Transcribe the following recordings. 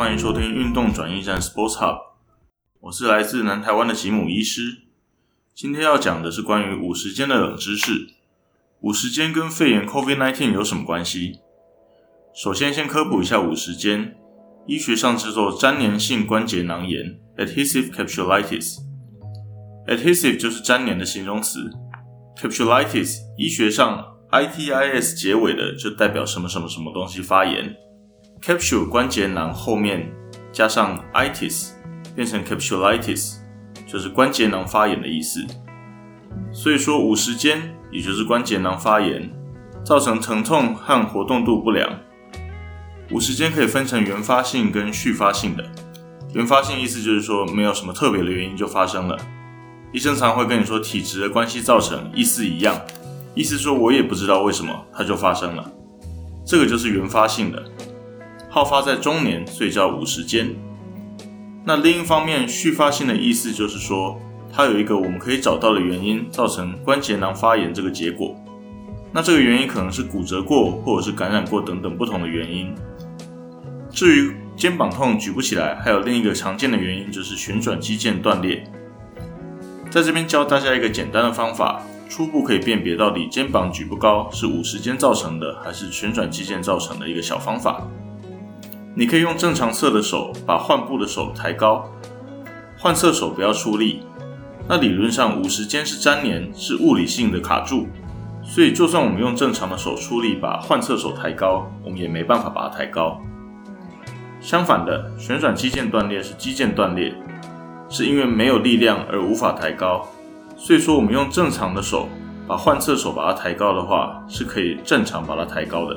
歡迎收聽運動轉譯站 Sports Hub，我是來自南台灣的吉姆醫師。今天要講的是關於五十肩的冷知識。五十肩跟肺炎 COVID-19 有什麼關係？首先，先科普一下五十肩，醫學上叫做沾黏性關節囊炎 （Adhesive Capsulitis）。Adhesive Ad 就是沾黏的形容詞，Capsulitis 醫學上 I-T-I-S 結尾的就代表什麼什麼什麼東西發炎。capsule 關節囊後面加上 itis，變成 capsulitis，就是關節囊發炎的意思。所以說五十肩，也就是關節囊發炎,造成疼痛和活動度不良。五十肩可以分成原發性跟續發性的。原發性意思就是說沒有什麼特別的原因就發生了，醫生常會跟你說體質的關係造成，意思一樣，意思說我也不知道為什麼它就發生了，這個就是原發性的。好發在中年，所以叫五十肩。那另一方面，續發性的意思就是說，它有一個我們可以找到的原因造成關節囊發炎這個結果。那這個原因可能是骨折過，或者是感染過等等不同的原因。至於肩膀痛舉不起來，還有另一個常見的原因就是旋轉肌腱斷裂。在這邊教大家一個簡單的方法，初步可以辨別到底肩膀舉不高是五十肩造成的，還是旋轉肌腱造成的一個小方法。你可以用正常側的手把患部的手抬高，患側手不要出力。那理論上，五十肩是粘連，是物理性的卡住，所以就算我們用正常的手出力把患側手抬高，我們也沒辦法把它抬高。相反的，旋轉肌腱斷裂是肌腱斷裂，是因為沒有力量而無法抬高，所以說我們用正常的手把患側手把它抬高的話，是可以正常把它抬高的。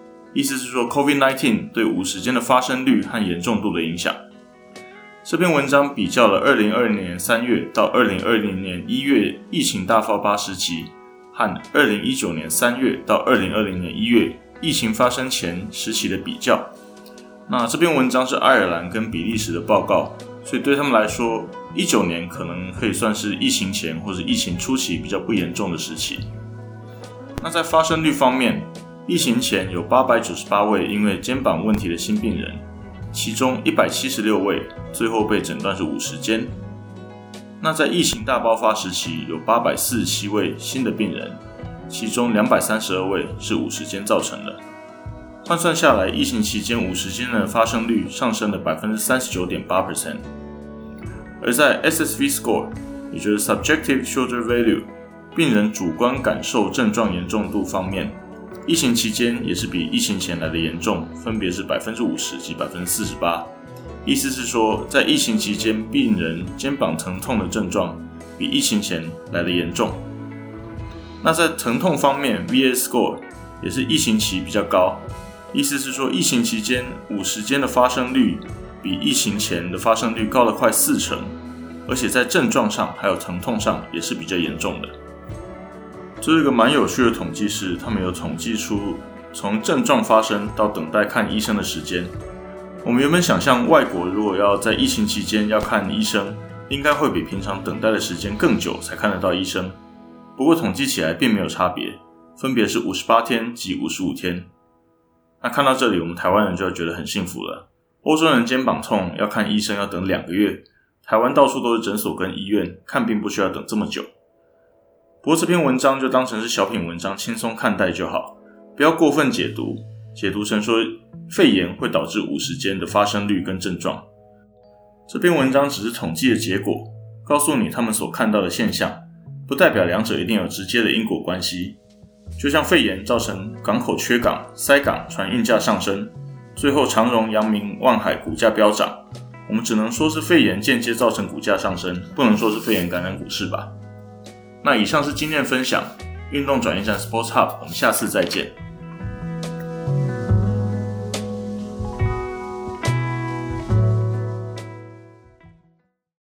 意思是說，COVID-19 對五十肩的發生率和嚴重度的影響。這篇文章比較了2020年3月到2020年1月疫情大爆發時期和2019年3月到2020年1月疫情發生前時期的比較。那這篇文章是愛爾蘭跟比利時的報告，所以對他們來說，19年可能可以算是疫情前或者疫情初期比較不嚴重的時期。那在發生率方面，疫情前有八百九十八位因為肩膀問題的新病人，其中一百七十六位最後被診斷是五十肩。那在疫情大爆發時期有八百四十七位新的病人，其中兩百三十二位是五十肩造成的。換算下來，疫情期間五十肩的發生率上升了百分之三十九點八，而在 SSV score，也就是 Subjective Shoulder Value，病人主觀感受症狀嚴重度方面。疫情期間也是比疫情前來得嚴重，分別是百分之五十及百分之四十八。意思是說，在疫情期間，病人肩膀疼痛的症狀比疫情前來得嚴重。那在疼痛方面，VAS score 也是疫情期間比較高。意思是說，疫情期間五十肩的發生率比疫情前的發生率高了快四成，而且在症狀上還有疼痛上也是比較嚴重的。這是一個蠻有趣的統計，是他們有統計出從症狀發生到等待看醫生的時間。我們原本想象外國如果要在疫情期間要看醫生，應該會比平常等待的時間更久才看得到醫生。不過統計起來並沒有差別，分別是五十八天及五十五天。那看到這裡，我們台灣人就要覺得很幸福了。歐洲人肩膀痛要看醫生要等兩個月，台灣到處都是診所跟醫院，看病不需要等這麼久。不過這篇文章就當成是小品文章，輕鬆看待就好，不要過分解讀，解讀成說肺炎會導致五十肩的發生率跟症狀。這篇文章只是統計的結果，告訴你他們所看到的現象，不代表兩者一定有直接的因果關係。就像肺炎造成港口缺港、塞港、船運價上升，最後長榮、陽明、萬海股價飆漲，我們只能說是肺炎間接造成股價上升，不能說是肺炎感染股市吧？那以上是今天的分享，運動轉譯站 Sports Hub，我們下次再見。